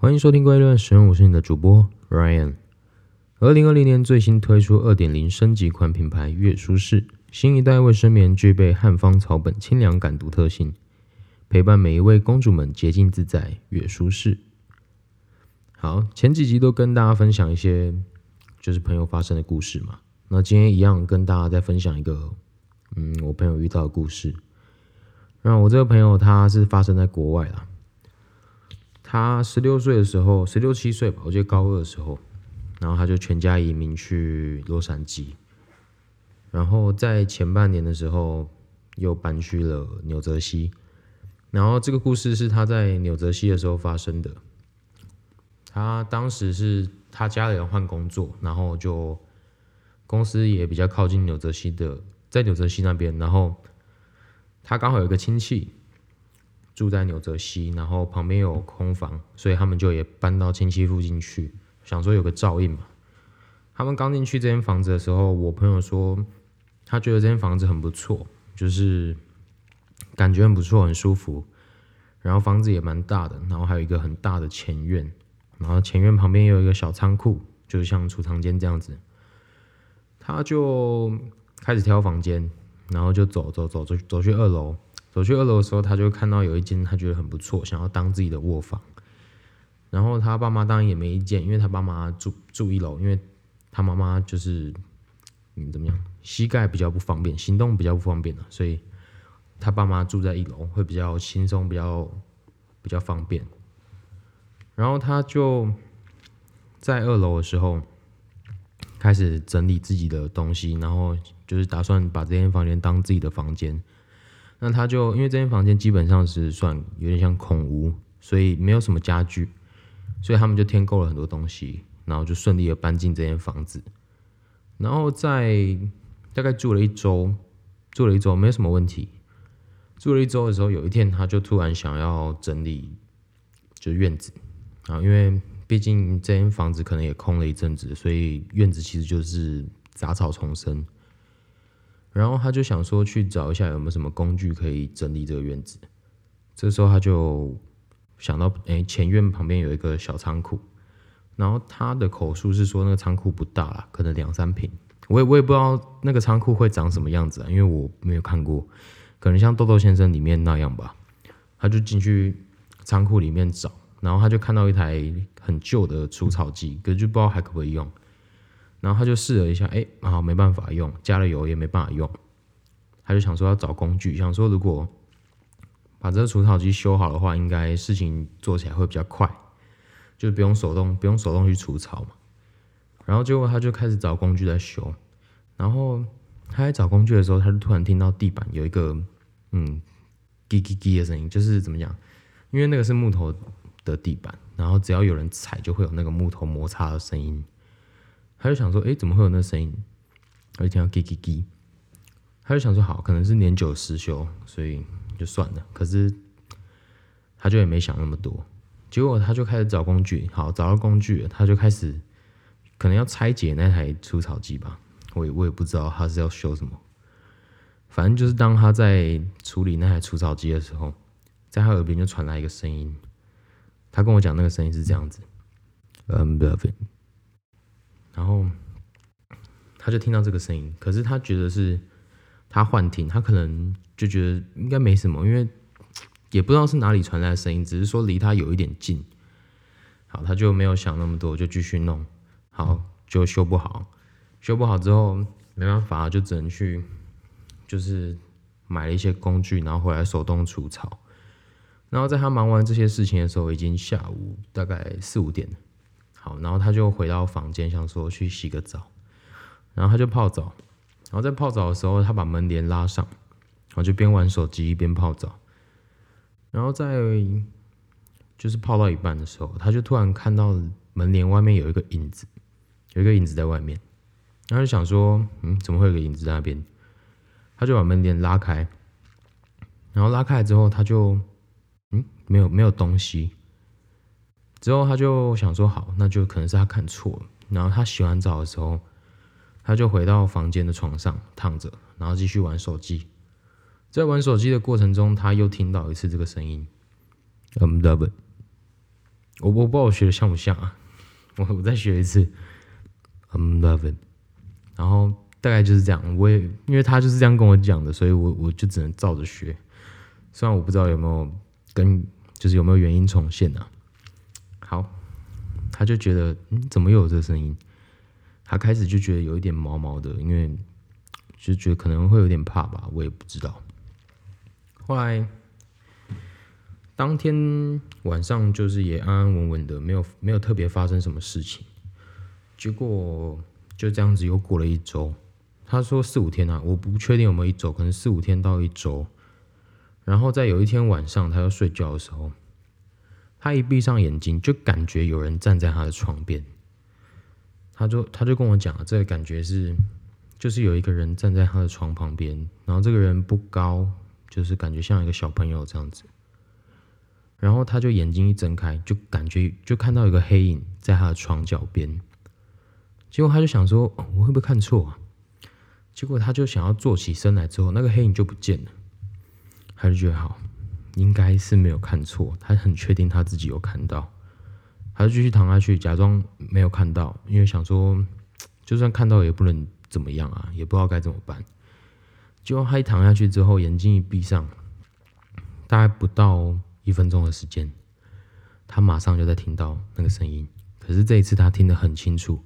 歡迎收聽規律使用，我是你的主播 Ryan。二零二零年最新推出二點零升級款品牌悅舒適，新一代衛生棉具備漢方草本清涼感獨特性，陪伴每一位公主們潔淨自在，悅舒適。好，前幾集都跟大家分享一些就是朋友發生的故事嘛，那今天一樣跟大家再分享一個，嗯，我朋友遇到的故事。那我這個朋友他是發生在國外啦。他十六歲的時候，十六七歲吧，我記得高二的時候，然後他就全家移民去洛杉磯，然後在前半年的時候又搬去了紐澤西，然後這個故事是他在紐澤西的時候發生的。他當時是他家裡人換工作，然後就公司也比較靠近紐澤西的，在紐澤西那邊，然後他剛好有一個親戚，住在紐澤西，然後旁邊有空房，所以他們就也搬到親戚附近去，想說有個照應嘛。他們剛進去這間房子的時候，我朋友說他覺得這間房子很不錯，就是感覺很不錯，很舒服。然後房子也蠻大的，然後還有一個很大的前院，然後前院旁邊有一個小倉庫，就是像儲藏間這樣子。他就開始挑房間，然後就走走走走走去二樓。走去二樓的時候，他就看到有一間他覺得很不錯，想要當自己的臥房。然後他爸媽當然也沒意見，因為他爸媽住住一樓，因為他媽媽就是嗯怎麼樣，膝蓋比較不方便，行動比較不方便啊，所以他爸媽住在一樓會比較輕鬆，比較比較方便。然後他就在二樓的時候開始整理自己的東西，然後就是打算把這間房間當自己的房間。那他就因為這間房間基本上是算有點像空屋，所以沒有什麼家具，所以他們就添購了很多東西，然後就順利地搬進這間房子。然後在大概住了一周，住了一周沒有什麼問題。住了一周的時候，有一天他就突然想要整理就院子，啊，因為畢竟這間房子可能也空了一陣子，所以院子其實就是雜草叢生。然後他就想說去找一下有沒有什麼工具可以整理這個院子。這時候他就想到，哎、欸，前院旁邊有一個小倉庫。然後他的口述是說那個倉庫不大了，可能兩三平。我也我也不知道那個倉庫會長什麼樣子啊，因為我沒有看過，可能像豆豆先生裡面那樣吧。他就進去倉庫裡面找，然後他就看到一台很舊的除草機，可是就不知道還可不可以用。然後他就試了一下，哎、欸，然後沒辦法用，加了油也沒辦法用。他就想說要找工具，想說如果把這個除草機修好的話，應該事情做起來會比較快，就不用手動，不用手動去除草嘛。然後結果他就開始找工具在修。然後他在找工具的時候，他就突然聽到地板有一個嗯，嘰嘰嘰的聲音，就是怎麼講？因為那個是木頭的地板，然後只要有人踩，就會有那個木頭摩擦的聲音。他就想說：“哎、欸，怎麼會有那聲音？而且聽到‘嘰嘰嘰’，他就想說：好，可能是年久失修，所以就算了。可是，他就也沒想那麼多。結果，他就開始找工具。好，找到工具，他就開始可能要拆解那台除草機吧。我我也不知道他是要修什麼。反正就是當他在處理那台除草機的時候，在他耳邊就傳來一個聲音。他跟我講，那個聲音是這樣子：‘I'm loving’。”然後，他就聽到這個聲音，可是他覺得是他幻聽，他可能就覺得應該沒什麼，因為也不知道是哪裡傳來的聲音，只是說離他有一點近。好，他就沒有想那麼多，就繼續弄。好，就修不好，修不好之後沒辦法，就只能去，就是買了一些工具，然後回來手動除草。然後在他忙完這些事情的時候，已經下午大概四五點了。好，然後他就回到房間，想說去洗個澡，然後他就泡澡，然後在泡澡的時候，他把門簾拉上，然後就邊玩手機邊泡澡，然後在就是泡到一半的時候，他就突然看到門簾外面有一個影子，有一個影子在外面，然後就想說，嗯，怎麼會有個影子在那邊？他就把門簾拉開，然後拉開之後，他就，嗯，沒有，沒有東西。之後他就想說：“好，那就可能是他看錯了。”然後他洗完澡的時候，他就回到房間的床上躺着，然後繼續玩手機。在玩手機的過程中，他又聽到一次這個聲音：“I'm loving。”我我不知道我學得像不像啊！我我再學一次：“I'm loving。”然後大概就是這樣。我也因為他就是這樣跟我講的，所以我我就只能照着學。雖然我不知道有沒有跟就是有沒有原因重現呢、啊？好，他就覺得，嗯，怎麼有這個聲音？他開始就覺得有一點毛毛的，因為就覺得可能會有點怕吧，我也不知道。後來當天晚上就是也安安穩穩的，沒有沒有特別發生什麼事情。結果就這樣子又過了一周，他說四五天啊，我不確定有沒有一周，可能四五天到一周。然後在有一天晚上，他要睡覺的時候。他一閉上眼睛，就感覺有人站在他的床邊。他就他就跟我講了，這個感覺是，就是有一個人站在他的床旁邊，然後這個人不高，就是感覺像一個小朋友這樣子。然後他就眼睛一睜開，就感覺就看到一個黑影在他的床腳邊。結果他就想說，哦，我會不會看錯啊？結果他就想要坐起身來之後，那個黑影就不見了。他就覺得好。應該是沒有看錯，他很確定他自己有看到，他就繼續躺下去，假裝沒有看到，因為想說，就算看到也不能怎麼樣啊，也不知道該怎麼辦。結果他一躺下去之後，眼睛一閉上，大概不到一分鐘的時間，他馬上就在聽到那個聲音。可是這一次他聽得很清楚，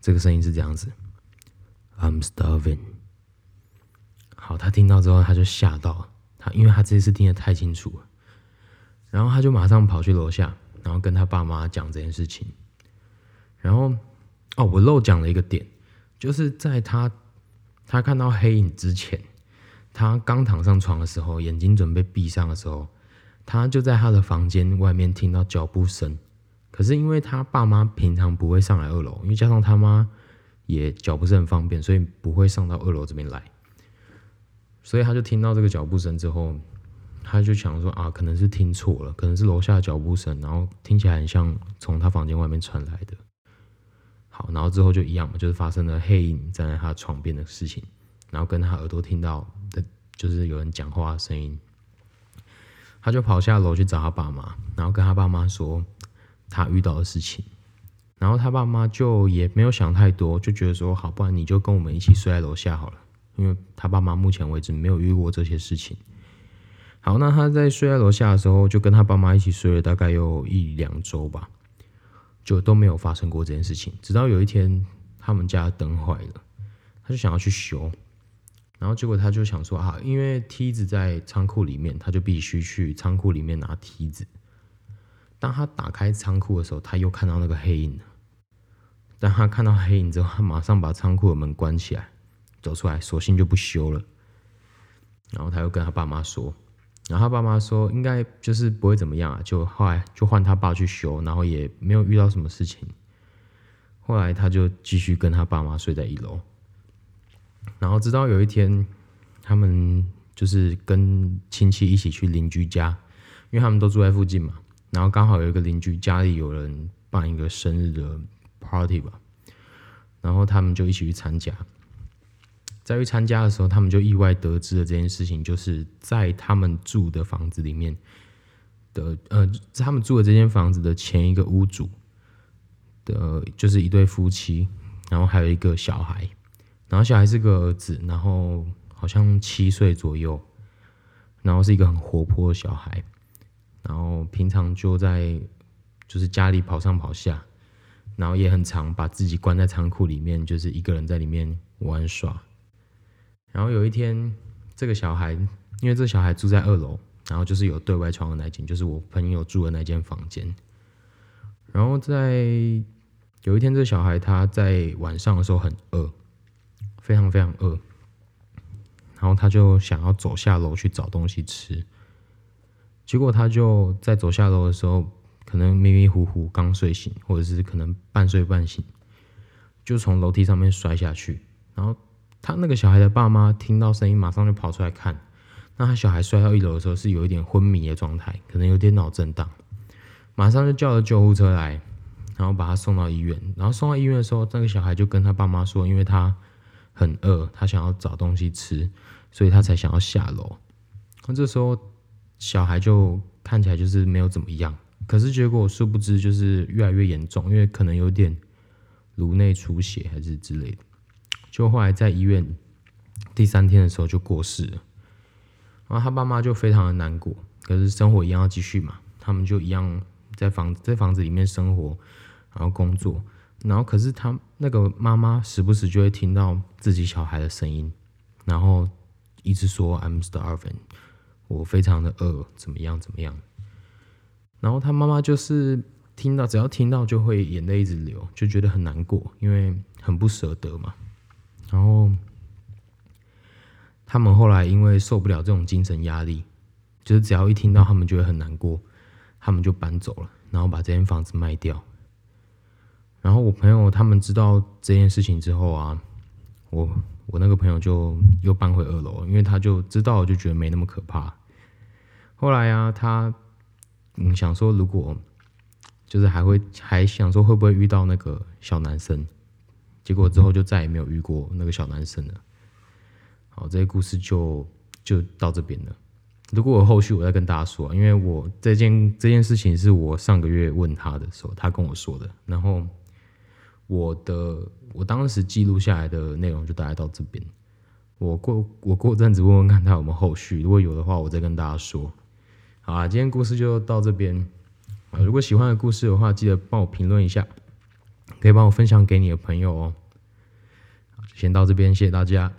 這個聲音是這樣子：“I'm starving。”好，他聽到之後，他就嚇到了。因為他這一次聽得太清楚了，然後他就馬上跑去樓下，然後跟他爸媽講這件事情。然後哦，我漏講了一個點，就是在他他看到黑影之前，他剛躺上床的時候，眼睛準備閉上的時候，他就在他的房間外面聽到腳步聲。可是因為他爸媽平常不會上來二樓，因為加上他媽也腳不是很方便，所以不會上到二樓這邊來。所以他就聽到這個腳步聲之後，他就想說啊，可能是聽錯了，可能是樓下的腳步聲，然後聽起來很像從他房間外面傳來的。好，然後之後就一樣嘛，就是發生了黑影站在他床邊的事情，然後跟他耳朵聽到的就是有人講話的聲音，他就跑下樓去找他爸媽，然後跟他爸媽說他遇到的事情，然後他爸媽就也沒有想太多，就覺得說好，不然你就跟我們一起睡在樓下好了。因為他爸媽目前為止沒有遇過這些事情。好，那他在睡在樓下的時候，就跟他爸媽一起睡了，大概有一兩周吧，就都沒有發生過這件事情。直到有一天，他們家燈壞了，他就想要去修，然後結果他就想說啊，因為梯子在倉庫裡面，他就必須去倉庫裡面拿梯子。當他打開倉庫的時候，他又看到那個黑影了。當他看到黑影之後，他馬上把倉庫的門關起來。走出來，索性就不修了。然後他又跟他爸媽說，然後他爸媽說應該就是不會怎麼樣啊。就後來就換他爸去修，然後也沒有遇到什麼事情。後來他就繼續跟他爸媽睡在一樓，然後直到有一天，他們就是跟親戚一起去鄰居家，因為他們都住在附近嘛。然後剛好有一個鄰居家裡有人辦一個生日的 party 吧，然後他們就一起去參加。在去參加的時候，他們就意外得知了這件事情，就是在他們住的房子裡面的，呃，他們住的這間房子的前一個屋主的，就是一對夫妻，然後還有一個小孩，然後小孩是個兒子，然後好像七歲左右，然後是一個很活潑的小孩，然後平常就在就是家裡跑上跑下，然後也很常把自己關在倉庫裡面，就是一個人在裡面玩耍。然後有一天，這個小孩因為這個小孩住在二樓，然後就是有對外窗的那一間，就是我朋友住的那一間房間。然後在有一天，這個小孩他在晚上的時候很餓，非常非常餓。然後他就想要走下樓去找東西吃。結果他就在走下樓的時候，可能迷迷糊糊剛睡醒，或者是可能半睡半醒，就從樓梯上面摔下去，然後。他那個小孩的爸媽聽到聲音，馬上就跑出來看。那他小孩摔到一樓的時候是有一點昏迷的狀態，可能有點腦震盪，馬上就叫了救護車來，然後把他送到醫院。然後送到醫院的時候，那個小孩就跟他爸媽說，因為他很餓，他想要找東西吃，所以他才想要下樓。那這時候小孩就看起來就是沒有怎麼樣，可是結果殊不知就是越來越嚴重，因為可能有點顱內出血還是之類的。就後來在醫院第三天的時候就過世了，然後他爸媽就非常的難過，可是生活一樣要繼續嘛，他們就一樣在房子，在房子裡面生活，然後工作，然後可是他那個媽媽時不時就會聽到自己小孩的聲音，然後一直說 “I'm starving”，我非常的餓，怎麼樣怎麼樣，然後他媽媽就是聽到，只要聽到就會眼淚一直流，就覺得很難過，因為很不捨得嘛。然後，他們後來因為受不了這種精神壓力，就是只要一聽到，他們覺得很難過，他們就搬走了，然後把這間房子賣掉。然後我朋友他們知道這件事情之後啊，我我那個朋友就又搬回二樓，因為他就知道，就覺得沒那麼可怕。後來啊，他嗯想說，如果就是還會還想說，會不會遇到那個小男生？結果之後就再也沒有遇過那個小男生了。好，這些故事就就到這邊了。如果有後續我再跟大家說啊，因為我這件這件事情是我上個月問他的時候，他跟我說的。然後我的我當時記錄下來的內容就大概到這邊我。我過我過陣子問問看他有沒有後續，如果有的話，我再跟大家說。好啊，今天故事就到這邊。如果喜歡的故事的話，記得幫我評論一下。可以幫我分享給你的朋友哦。好，先到這邊，謝謝大家。